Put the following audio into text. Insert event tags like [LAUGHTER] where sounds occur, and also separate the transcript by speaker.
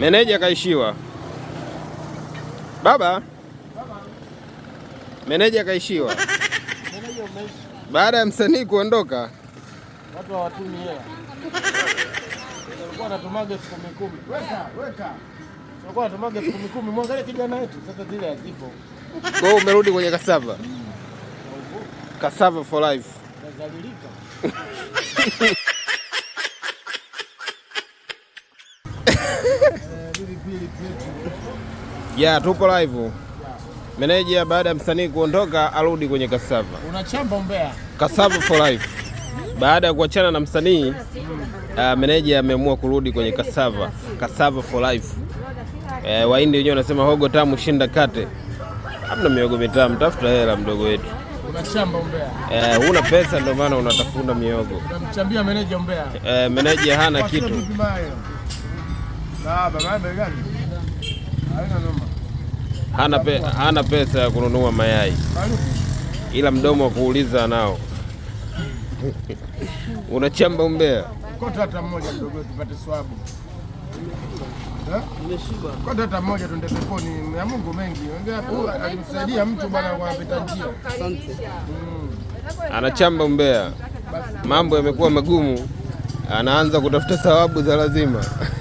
Speaker 1: Meneja kaishiwa baba, meneja kaishiwa. Baada ya msanii kuondoka,
Speaker 2: watu hawatumi hela. Walikuwa wanatumaga elfu kumi kumi, weka weka, walikuwa wanatumaga elfu kumi kumi. Mwangalie kijana wetu sasa, zile hazipo.
Speaker 1: Kwa hiyo umerudi kwenye kasava, kasava for life. [LAUGHS] [LAUGHS] yeah, tupo live. Meneja baada ya msanii kuondoka arudi kwenye kasava.
Speaker 2: Unachamba umbea.
Speaker 1: Kasava for life. Baada ya kuachana na msanii uh, meneja ameamua kurudi kwenye kasava. Kasava for life. Eh, Wahindi wenyewe wanasema hogo tamu shinda kate. Hamna miogo mitamu, tafuta hela mdogo wetu.
Speaker 2: Unachamba umbea.
Speaker 1: Eh, huna pesa ndio maana unatafuna miogo.
Speaker 2: Unamchambia meneja umbea.
Speaker 1: Eh, meneja hana kitu. Hana, pe, hana pesa ya kununua mayai ila mdomo wa kuuliza nao. [LAUGHS] Unachamba umbea
Speaker 2: kota hata mmoja mdogo, tupate swabu kota hata mmoja, twende peponi. Ya Mungu mengi alimsaidia mtu bwana kwa pita njia,
Speaker 1: anachamba umbea, mambo yamekuwa magumu, anaanza kutafuta thawabu za lazima. [LAUGHS]